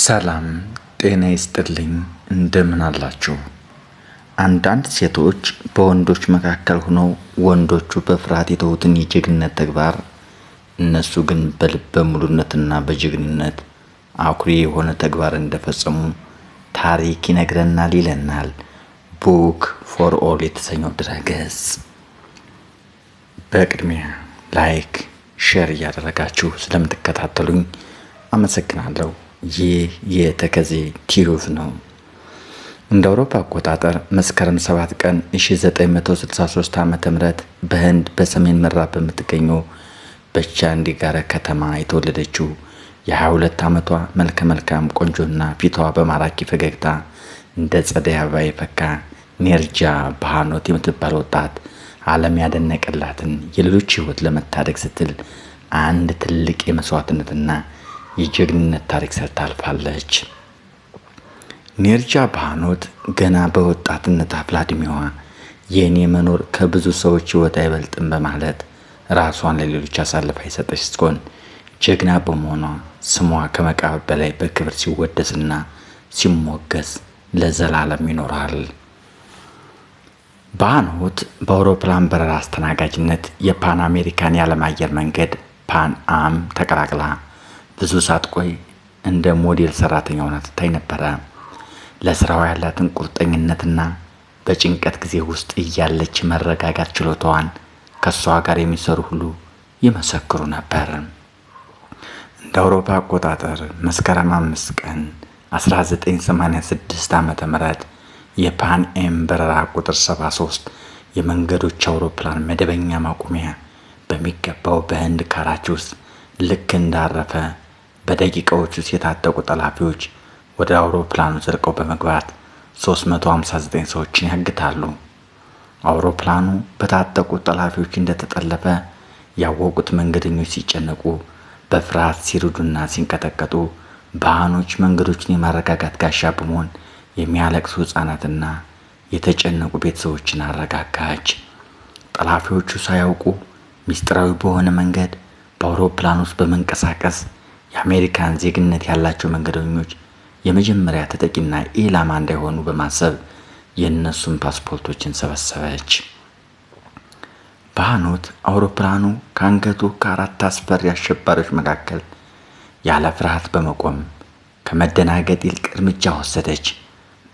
ሰላም ጤና ይስጥልኝ። እንደምን አላችሁ? አንዳንድ ሴቶች በወንዶች መካከል ሆነው ወንዶቹ በፍርሃት የተዉትን የጀግንነት ተግባር እነሱ ግን በልበ ሙሉነትና በጀግንነት አኩሪ የሆነ ተግባር እንደፈጸሙ ታሪክ ይነግረናል ይለናል ቡክ ፎር ኦል የተሰኘው ድረገጽ። በቅድሚያ ላይክ፣ ሼር እያደረጋችሁ ስለምትከታተሉኝ አመሰግናለሁ። ይህ የተከዜ ቲዩብ ነው። እንደ አውሮፓ አቆጣጠር መስከረም 7 ቀን 1963 ዓ ም በህንድ በሰሜን ምዕራብ በምትገኘው በቻንዲጋረ ከተማ የተወለደችው የ22 ዓመቷ መልከ መልካም ቆንጆና ፊቷ በማራኪ ፈገግታ እንደ ጸደይ አበባ የፈካ ኔርጃ ባሃኖት የምትባል ወጣት ዓለም ያደነቀላትን የሌሎች ህይወት ለመታደግ ስትል አንድ ትልቅ የመስዋዕትነትና የጀግንነት ታሪክ ሰርታ አልፋለች። ኔርጃ ባህኖት ገና በወጣትነት አፍላ ዕድሜዋ የእኔ መኖር ከብዙ ሰዎች ሕይወት አይበልጥም በማለት ራሷን ለሌሎች አሳልፋ የሰጠች ስትሆን ጀግና በመሆኗ ስሟ ከመቃብር በላይ በክብር ሲወደስና ሲሞገስ ለዘላለም ይኖራል። ባህኖት በአውሮፕላን በረራ አስተናጋጅነት የፓን አሜሪካን የዓለም አየር መንገድ ፓን አም ተቀላቅላ ብዙ ሳትቆይ እንደ ሞዴል ሰራተኛ ሆና ትታይ ነበረ። ለስራዋ ያላትን ቁርጠኝነትና በጭንቀት ጊዜ ውስጥ እያለች መረጋጋት ችሎታዋን ከእሷ ጋር የሚሰሩ ሁሉ ይመሰክሩ ነበር። እንደ አውሮፓ አቆጣጠር መስከረም አምስት ቀን 1986 ዓ ም የፓን ኤም በረራ ቁጥር 73 የመንገዶች አውሮፕላን መደበኛ ማቆሚያ በሚገባው በህንድ ካራች ውስጥ ልክ እንዳረፈ በደቂቃዎች ውስጥ የታጠቁ ጠላፊዎች ወደ አውሮፕላኑ ዘልቀው በመግባት 359 ሰዎችን ያግታሉ። አውሮፕላኑ በታጠቁት ጠላፊዎች እንደተጠለፈ ያወቁት መንገደኞች ሲጨነቁ፣ በፍርሃት ሲርዱና ሲንቀጠቀጡ ባህኖች መንገዶችን የማረጋጋት ጋሻ በመሆን የሚያለቅሱ ሕፃናትና የተጨነቁ ቤተሰቦችን አረጋጋች። ጠላፊዎቹ ሳያውቁ ሚስጥራዊ በሆነ መንገድ በአውሮፕላን ውስጥ በመንቀሳቀስ የአሜሪካን ዜግነት ያላቸው መንገደኞች የመጀመሪያ ተጠቂና ኢላማ እንዳይሆኑ በማሰብ የእነሱን ፓስፖርቶችን ሰበሰበች። በሃኖት አውሮፕላኑ ከአንገቱ ከአራት አስፈሪ አሸባሪዎች መካከል ያለ ፍርሃት በመቆም ከመደናገጥ ይልቅ እርምጃ ወሰደች።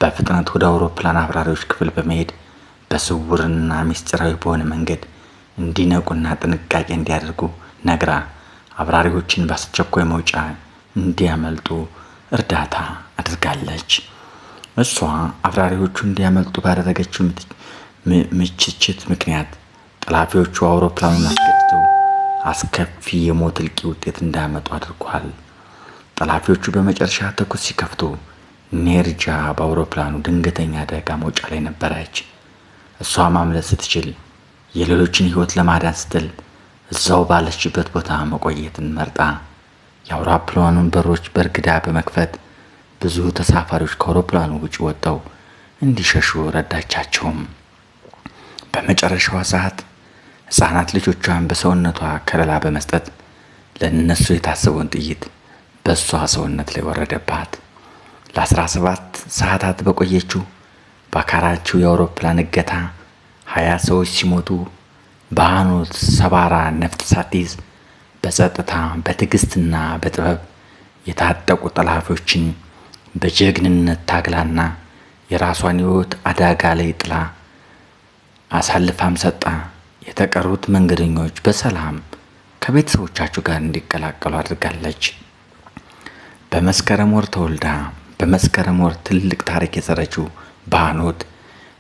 በፍጥነት ወደ አውሮፕላን አብራሪዎች ክፍል በመሄድ በስውርና ሚስጢራዊ በሆነ መንገድ እንዲነቁና ጥንቃቄ እንዲያደርጉ ነግራ አብራሪዎችን በአስቸኳይ መውጫ እንዲያመልጡ እርዳታ አድርጋለች። እሷ አብራሪዎቹ እንዲያመልጡ ባደረገችው ምችችት ምክንያት ጠላፊዎቹ አውሮፕላኑን አስገድተው አስከፊ የሞት እልቂ ውጤት እንዳያመጡ አድርጓል። ጠላፊዎቹ በመጨረሻ ተኩስ ሲከፍቱ ኔርጃ በአውሮፕላኑ ድንገተኛ አደጋ መውጫ ላይ ነበረች። እሷ ማምለት ስትችል የሌሎችን ሕይወት ለማዳን ስትል እዛው ባለችበት ቦታ መቆየትን መርጣ የአውሮፕላኑን በሮች በእርግዳ በመክፈት ብዙ ተሳፋሪዎች ከአውሮፕላኑ ውጭ ወጥተው እንዲሸሹ ረዳቻቸውም። በመጨረሻዋ ሰዓት ሕፃናት ልጆቿን በሰውነቷ ከለላ በመስጠት ለእነሱ የታሰበውን ጥይት በእሷ ሰውነት ላይ ወረደባት። ለ17 ሰዓታት በቆየችው በአካራችው የአውሮፕላን እገታ ሀያ ሰዎች ሲሞቱ በሃኖት ሰባራ ነፍጥ ሳትይዝ በጸጥታ በትዕግስትና በጥበብ የታጠቁ ጠላፊዎችን በጀግንነት ታግላና የራሷን ሕይወት አደጋ ላይ ጥላ አሳልፋም ሰጣ። የተቀሩት መንገደኞች በሰላም ከቤተሰቦቻቸው ጋር እንዲቀላቀሉ አድርጋለች። በመስከረም ወር ተወልዳ በመስከረም ወር ትልቅ ታሪክ የሰረችው በአኖት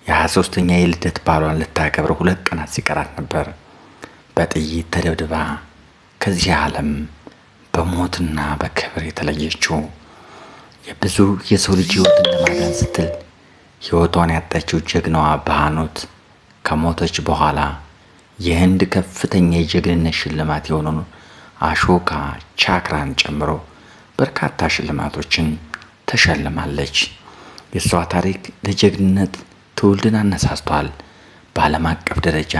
የሀያ ሶስተኛ የልደት ባሏን ልታከብረው ሁለት ቀናት ሲቀራት ነበር በጥይት ተደብድባ ከዚህ ዓለም በሞትና በክብር የተለየችው የብዙ የሰው ልጅ ሕይወትን ለማዳን ስትል ህይወቷን ያጣችው ጀግናዋ በሃኖት ከሞተች በኋላ የህንድ ከፍተኛ የጀግንነት ሽልማት የሆነውን አሾካ ቻክራን ጨምሮ በርካታ ሽልማቶችን ተሸልማለች። የእሷ ታሪክ ለጀግንነት ትውልድን አነሳስቷል። በዓለም አቀፍ ደረጃ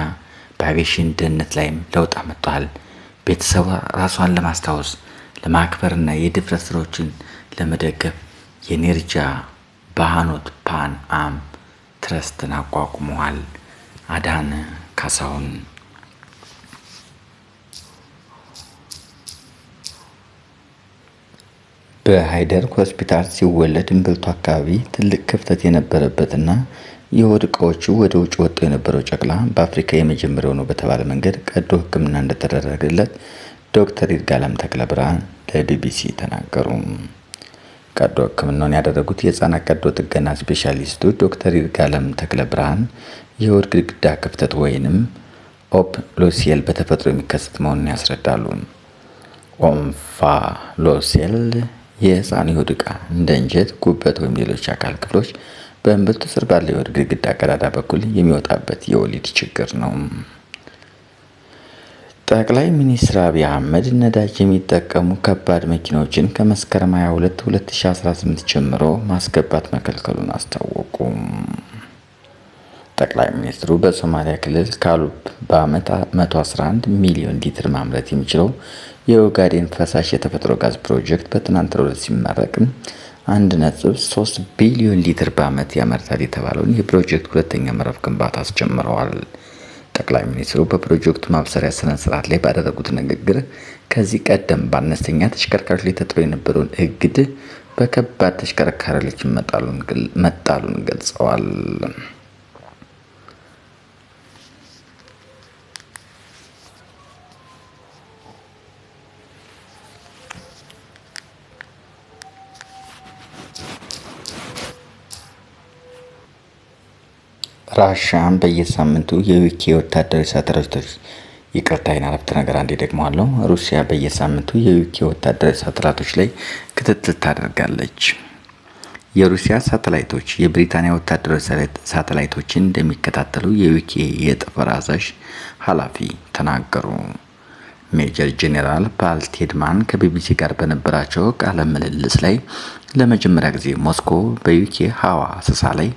በአቪዬሽን ደህንነት ላይም ለውጥ አመጥቷል። ቤተሰብ ራሷን ለማስታወስ ለማክበርና የድፍረት ስራዎችን ለመደገፍ የኔርጃ ባህኖት ፓን አም ትረስትን አቋቁመዋል። አዳነ ካሳሁን በሃይደር ሆስፒታል ሲወለድ እምብልቱ አካባቢ ትልቅ ክፍተት የነበረበትና የሆድ እቃዎቹ ወደ ውጭ ወጥቶ የነበረው ጨቅላ በአፍሪካ የመጀመሪያው ነው በተባለ መንገድ ቀዶ ሕክምና እንደተደረገለት ዶክተር ይርጋለም ተክለ ብርሃን ለቢቢሲ ተናገሩ። ቀዶ ሕክምናውን ያደረጉት የህፃናት ቀዶ ጥገና ስፔሻሊስቱ ዶክተር ይርጋለም ተክለ ብርሃን የሆድ ግድግዳ ክፍተት ወይንም ኦፕሎሴል በተፈጥሮ የሚከሰት መሆኑን ያስረዳሉ። ሎሴል የህፃን የሆድ ዕቃ እንደ እንጀት፣ ጉበት ወይም ሌሎች አካል ክፍሎች በእምብርቱ ስር ባለው የወድ ግድግዳ ቀዳዳ በኩል የሚወጣበት የወሊድ ችግር ነው። ጠቅላይ ሚኒስትር አብይ አህመድ ነዳጅ የሚጠቀሙ ከባድ መኪናዎችን ከመስከረም 22 2018 ጀምሮ ማስገባት መከልከሉን አስታወቁ። ጠቅላይ ሚኒስትሩ በሶማሊያ ክልል ካሉብ በአመት 111 ሚሊዮን ሊትር ማምረት የሚችለው የኦጋዴን ፈሳሽ የተፈጥሮ ጋዝ ፕሮጀክት በትናንትናው ዕለት ሲመረቅ አንድ ነጥብ ሶስት ቢሊዮን ሊትር በዓመት ያመርታል የተባለውን የፕሮጀክት ሁለተኛ ምዕራፍ ግንባታ አስጀምረዋል። ጠቅላይ ሚኒስትሩ በፕሮጀክቱ ማብሰሪያ ስነ ስርዓት ላይ ባደረጉት ንግግር ከዚህ ቀደም በአነስተኛ ተሽከርካሪዎች ላይ ተጥሎ የነበረውን እግድ በከባድ ተሽከርካሪዎች መጣሉን ገልጸዋል። ራሻን በየሳምንቱ የዩኬ ወታደራዊ ሳተላይቶች ይቅርታ ይህን አረፍተ ነገር አንዴ ደግመዋለሁ። ሩሲያ በየሳምንቱ የዩኬ ወታደራዊ ሳተላይቶች ላይ ክትትል ታደርጋለች። የሩሲያ ሳተላይቶች የብሪታንያ ወታደራዊ ሳተላይቶችን እንደሚከታተሉ የዩኬ የጠፈር አዛዥ ኃላፊ ተናገሩ። ሜጀር ጄኔራል ባልቴድማን ከቢቢሲ ጋር በነበራቸው ቃለ ምልልስ ላይ ለመጀመሪያ ጊዜ ሞስኮ በዩኬ ሀዋ ስሳ ላይ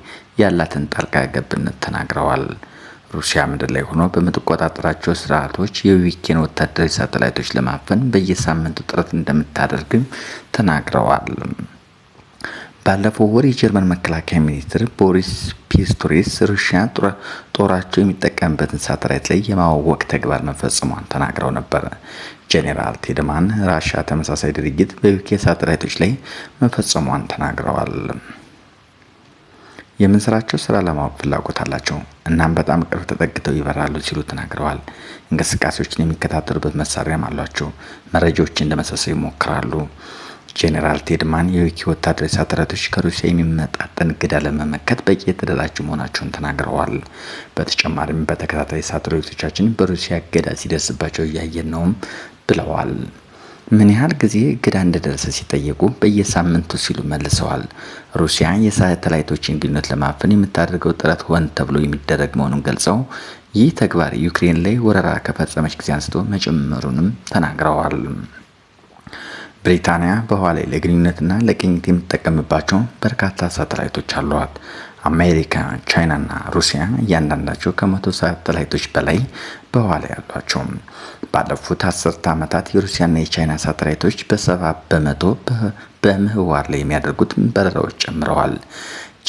ያላትን ጣልቃ ገብነት ተናግረዋል። ሩሲያ ምድር ላይ ሆኖ በምትቆጣጠራቸው ስርዓቶች የዩክሬን ወታደራዊ ሳተላይቶች ለማፈን በየሳምንቱ ጥረት እንደምታደርግም ተናግረዋል። ባለፈው ወር የጀርመን መከላከያ ሚኒስትር ቦሪስ ፒስቶሪስ ሩሲያ ጦራቸው የሚጠቀምበትን ሳተላይት ላይ የማወቅ ተግባር መፈጸሟን ተናግረው ነበር። ጄኔራል ቴድማን ራሻ ተመሳሳይ ድርጊት በዩኬ ሳተላይቶች ላይ መፈጸሟን ተናግረዋል። የምንስራቸው ስራ ለማወቅ ፍላጎት አላቸው እናም በጣም ቅርብ ተጠግተው ይበራሉ ሲሉ ተናግረዋል። እንቅስቃሴዎችን የሚከታተሉበት መሳሪያም አሏቸው። መረጃዎች ለመሰብሰብ ይሞክራሉ። ጄኔራል ቴድማን የዊኪ ወታደራዊ ሳተላይቶች ከሩሲያ የሚመጣጠን ግዳ ለመመከት በቂ የተደራጁ መሆናቸውን ተናግረዋል። በተጨማሪም በተከታታይ ሳተላይቶቻችን በሩሲያ እገዳ ሲደርስባቸው እያየን ነውም ብለዋል። ምን ያህል ጊዜ እገዳ እንደደረሰ ሲጠየቁ በየሳምንቱ ሲሉ መልሰዋል። ሩሲያ የሳተላይቶችን ግንኙነት ለማፈን የምታደርገው ጥረት ሆን ተብሎ የሚደረግ መሆኑን ገልጸው ይህ ተግባር ዩክሬን ላይ ወረራ ከፈጸመች ጊዜ አንስቶ መጨመሩንም ተናግረዋል። ብሪታንያ በህዋ ላይ ለግንኙነትና ለቅኝት የምትጠቀምባቸው በርካታ ሳተላይቶች አሏት። አሜሪካ፣ ቻይናና ሩሲያ እያንዳንዳቸው ከመቶ ሳተላይቶች በላይ በኋላ ያሏቸው። ባለፉት አስርተ ዓመታት የሩሲያና የቻይና ሳተላይቶች በሰባ በመቶ በምህዋር ላይ የሚያደርጉት በረራዎች ጨምረዋል።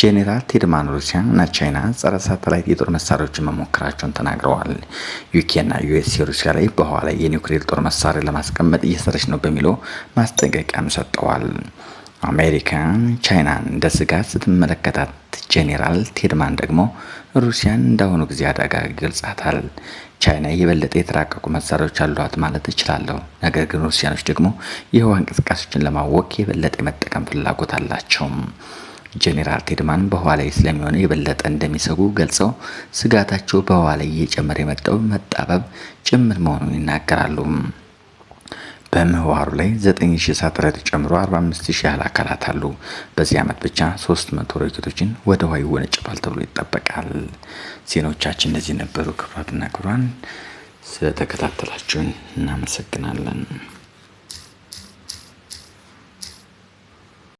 ጄኔራል ቴድማን ሩሲያ እና ቻይና ጸረ ሳተላይት የጦር መሳሪያዎችን መሞከራቸውን ተናግረዋል። ዩኬና ዩኤስ የሩሲያ ላይ በኋላ ላይ የኒውክሌር ጦር መሳሪያ ለማስቀመጥ እየሰረች ነው በሚለው ማስጠንቀቂያም ሰጥተዋል። አሜሪካ ቻይናን እንደ ስጋት ስትመለከታት ጄኔራል ቴድማን ደግሞ ሩሲያን እንዳሁኑ ጊዜ አደጋ ይገልጻታል። ቻይና የበለጠ የተራቀቁ መሳሪያዎች አሏት ማለት እችላለሁ። ነገር ግን ሩሲያኖች ደግሞ የህዋ እንቅስቃሴዎችን ለማወቅ የበለጠ የመጠቀም ፍላጎት አላቸውም። ጄኔራል ቴድማን በህዋ ላይ ስለሚሆነ የበለጠ እንደሚሰጉ ገልጸው ስጋታቸው በህዋ ላይ እየጨመረ የመጣው መጣበብ ጭምር መሆኑን ይናገራሉ። በምህዋሩ ላይ 9000 ሳጥረት ጨምሮ 45000 ያህል አካላት አሉ። በዚህ ዓመት ብቻ 300 ሮኬቶችን ወደ ውሃ ይወነጨፋል ተብሎ ይጠበቃል። ዜናዎቻችን እነዚህ ነበሩ። ክቡራትና ክቡራን ስለተከታተላችሁን እናመሰግናለን።